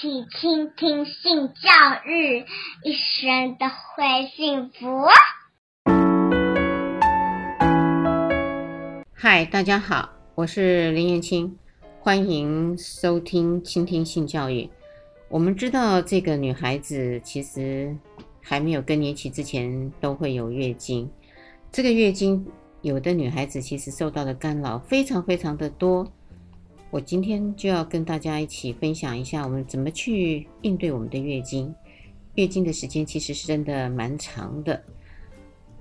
一起，傾聽性教育，一生都會幸福。嗨，大家好，我是林彥青，歡迎收聽傾聽性教育。我們知道，這個女孩子其實還沒有更年期之前都會有月經。這個月經，有的女孩子其實受到的干擾非常非常的多。我今天就要跟大家一起分享一下，我們怎麼去應對我們的月經。月經的時間其實是真的蠻長的，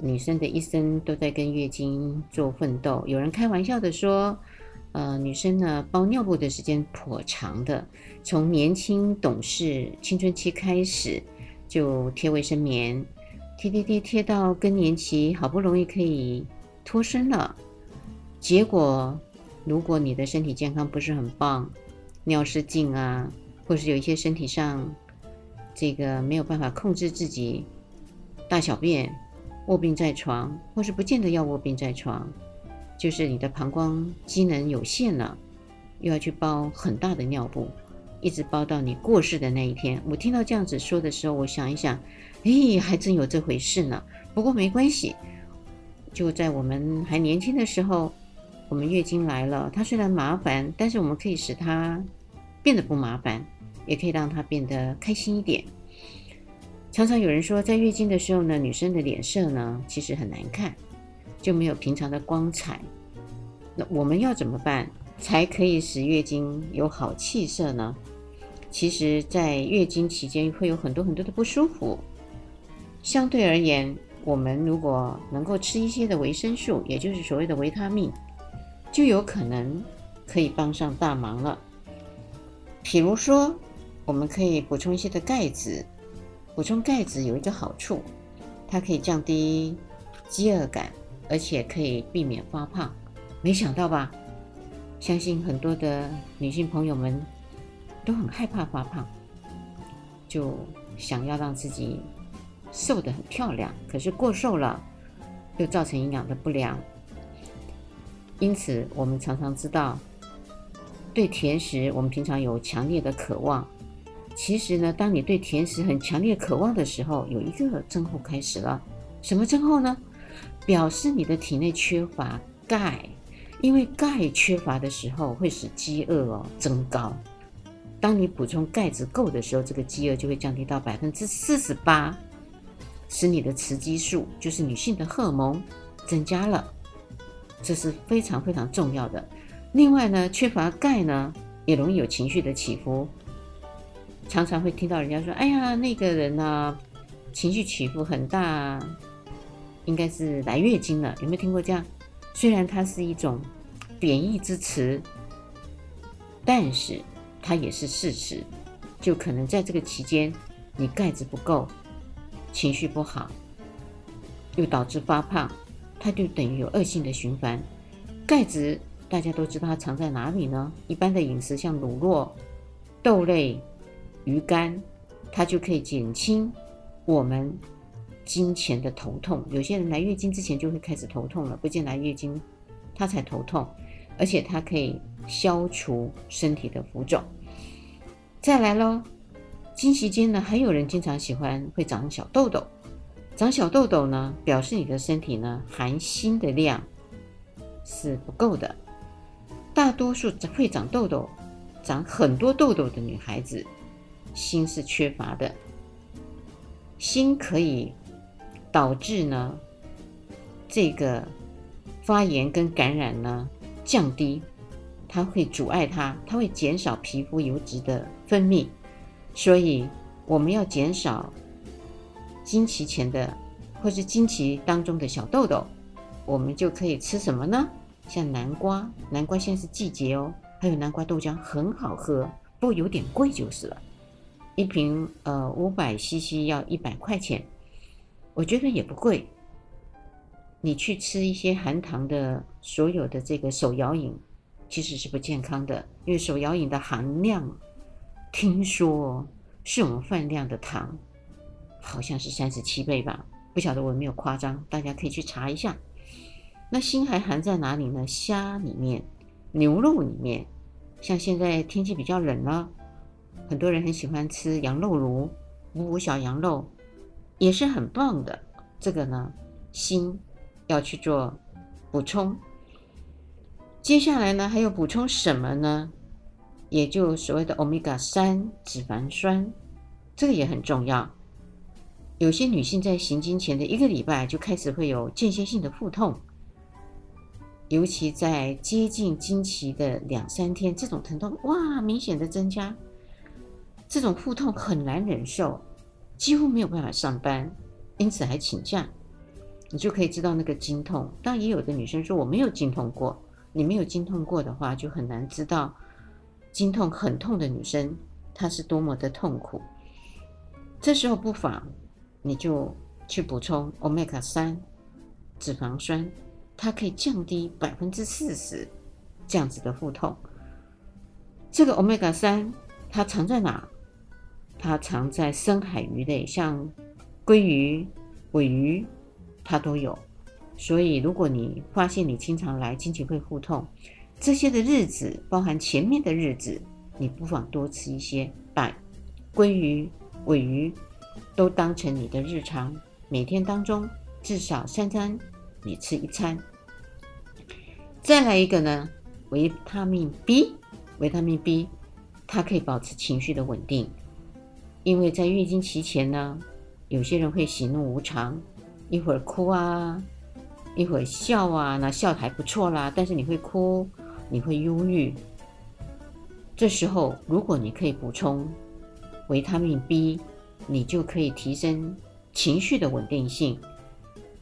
女生的一生都在跟月經做奮鬥。有人開玩笑的說，呃，女生呢，包尿布的時間頗長的，從年輕懂事青春期開始就貼衛生棉，貼貼貼貼到更年期，好不容易可以脫身了，結果。如果你的身體健康不是很棒，尿失禁啊，或是有一些身體上這個沒有辦法控制自己大小便，臥病在床，或是不見得要臥病在床，就是你的膀胱機能有限了，又要去包很大的尿布，一直包到你過世的那一天。我聽到這樣子說的時候，我想一想，哎，還真有這回事呢。不過沒關係，就在我們還年輕的時候。我們月經來了，它雖然麻煩，但是我們可以使它變得不麻煩，也可以讓它變得開心一點。常常有人說，在月經的時候呢，女生的臉色呢其實很難看，就沒有平常的光彩。那我們要怎麼辦，才可以使月經有好氣色呢？其實在月經期間會有很多很多的不舒服。相對而言，我們如果能夠吃一些的維生素，也就是所謂的維他命。就有可能可以幫上大忙了。比如說，我們可以補充一些的鈣質。補充鈣質有一個好處，它可以降低飢餓感，而且可以避免發胖。沒想到吧？相信很多的女性朋友們都很害怕發胖，就想要讓自己瘦得很漂亮。可是過瘦了，又造成營養的不良。因此，我們常常知道，對甜食我們平常有強烈的渴望。其實呢，當你對甜食很強烈渴望的時候，有一個症候開始了。什麼症候呢？表示你的體內缺乏鈣，因為鈣缺乏的時候會使飢餓哦增高。當你補充鈣質夠的時候，這個飢餓就會降低到百分之四十八，使你的雌激素，就是女性的荷爾蒙，增加了。這是非常非常重要的。另外呢，缺乏鈣呢，也容易有情緒的起伏。常常會聽到人家說：“哎呀，那個人呢，啊，情緒起伏很大，應該是來月經了。”有沒有聽過這樣？雖然它是一種貶義之詞，但是它也是事實。就可能在這個期間，你鈣質不夠，情緒不好，又導致發胖。它就等於有惡性的循環。鈣質大家都知道它藏在哪裡呢？一般的飲食像乳酪、豆類、魚乾，它就可以減輕我們經前的頭痛。有些人來月經之前就會開始頭痛了，不見來月經，它才頭痛。而且它可以消除身體的浮腫。再來嘍，經期間呢，還有人經常喜歡會長小痘痘。長小痘痘呢，表示你的身體呢，含鋅的量是不夠的。大多數會長痘痘，長很多痘痘的女孩子，鋅是缺乏的。鋅可以導致呢這個發炎跟感染呢降低，它會阻礙它，它會減少皮膚油脂的分泌。所以我們要減少。經期前的，或是經期當中的小痘痘，我們就可以吃什麼呢？像南瓜，南瓜現在是季節哦，還有南瓜豆漿很好喝，不過有點貴就是了，一瓶呃五百 CC 要一百塊錢，我覺得也不貴。你去吃一些含糖的，所有的這個手搖飲，其實是不健康的，因為手搖飲的含量，聽說是我們飯量的糖。好像是三十七倍吧，不曉得我有沒有誇張，大家可以去查一下。那鋅還含在哪裡呢？蝦裡面、牛肉裡面。像現在天氣比較冷了，哦，很多人很喜歡吃羊肉爐、五穀小羊肉，也是很棒的。這個呢，鋅要去做補充。接下來呢，還要補充什麼呢？也就所謂的歐米伽三脂肪酸，這個也很重要。有些女性在行經前的一個禮拜就開始會有間歇性的腹痛，尤其在接近經期的兩三天，這種疼痛哇明顯的增加，這種腹痛很難忍受，幾乎沒有辦法上班，因此還請假。你就可以知道那個經痛。但也有的女生說，我沒有經痛過。你沒有經痛過的話，就很難知道經痛很痛的女生她是多麼的痛苦。這時候不妨。你就去補充歐米伽三脂肪酸，它可以降低百分之四十這樣子的腹痛。這個歐米伽三它藏在哪？它藏在深海魚類，像鮭魚、鮪魚，它都有。所以，如果你發現你經常來經期會腹痛，這些的日子，包含前面的日子，你不妨多吃一些，把鮭魚、鮪魚。都當成你的日常，每天當中至少三餐，你吃一餐。再來一個呢，維他命 B，維他命 B，它可以保持情緒的穩定。因為在月經期前呢，有些人會喜怒無常，一會兒哭啊，一會兒笑啊，那笑還不錯啦，但是你會哭，你會憂鬱。這時候如果你可以補充維他命 B。你就可以提升情緒的穩定性。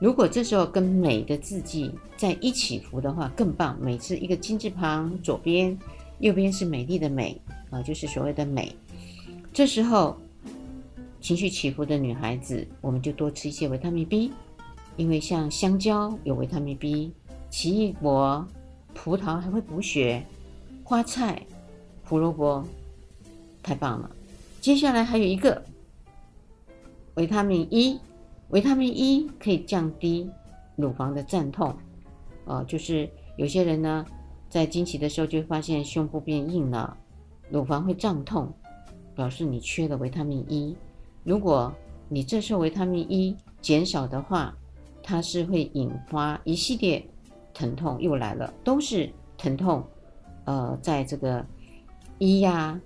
如果這時候跟“鎂”的字迹在一起服的話，更棒。每次一個“金”字旁，左邊、右邊是美麗的“美”啊，就是所謂的“鎂”。這時候情緒起伏的女孩子，我們就多吃一些維他命 B，因為像香蕉有維他命 B，奇異果、葡萄還會補血，花菜、胡蘿蔔，太棒了。接下來還有一個。維他命 E，維他命 E 可以降低乳房的脹痛，呃，就是有些人呢，在經期的時候就發現胸部變硬了，乳房會脹痛，表示你缺了維他命 E。如果你這次維他命 E 減少的話，它是會引發一系列疼痛又來了，都是疼痛，呃，在這個 E 呀、啊。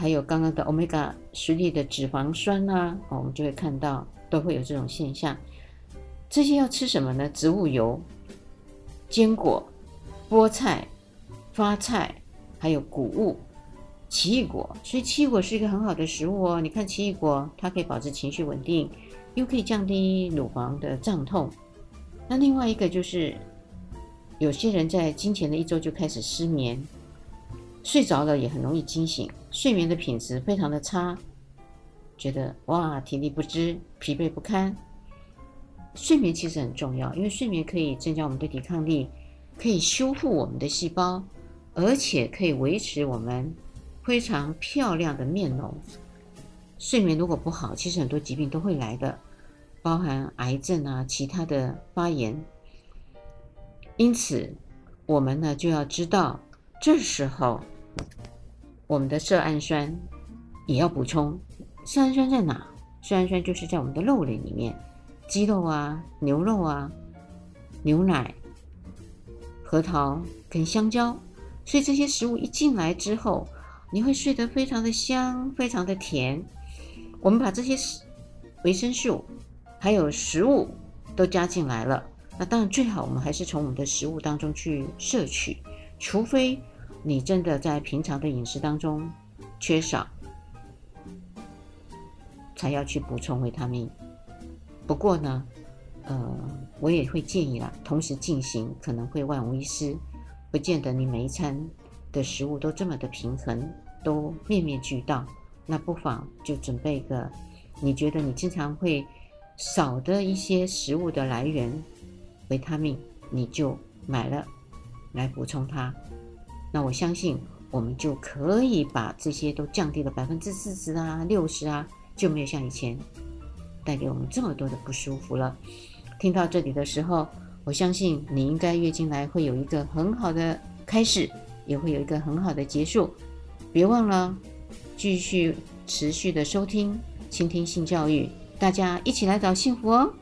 還有剛剛的 omega 系列的脂肪酸吶、啊哦，我們就會看到都會有這種現象。這些要吃什麼呢？植物油、堅果、菠菜、發菜，還有穀物、奇異果。所以奇異果是一個很好的食物哦。你看奇異果，它可以保持情緒穩定，又可以降低乳房的脹痛。那另外一個就是，有些人在經前的一周就開始失眠。睡着了也很容易驚醒，睡眠的品質非常的差，覺得哇，體力不支，疲憊不堪。睡眠其實很重要，因為睡眠可以增加我們的抵抗力，可以修復我們的細胞，而且可以維持我們非常漂亮的面容。睡眠如果不好，其實很多疾病都會來的，包含癌症啊，其他的發炎。因此，我們呢就要知道這時候。我們的色氨酸也要補充。色氨酸在哪？色氨酸就是在我們的肉類裡面，雞肉啊、牛肉啊、牛奶、核桃跟香蕉。所以這些食物一進來之後，你會睡得非常的香，非常的甜。我們把這些維生素還有食物都加進來了。那當然最好，我們還是從我們的食物當中去攝取，除非。你真的在平常的飲食當中缺少，才要去補充維他命。不過呢，呃，我也會建議啦，同時進行可能會萬無一失。不見得你每一餐的食物都這麼的平衡，都面面俱到，那不妨就準備一個你覺得你經常會少的一些食物的來源，維他命，你就買了來補充它。那我相信，我們就可以把這些都降低了百分之四十啊、六十啊，就沒有像以前帶給我們這麼多的不舒服了。聽到這裡的時候，我相信你應該月經來會有一個很好的開始，也會有一個很好的結束。別忘了繼續持續的收聽、傾聽性教育，大家一起來找幸福哦。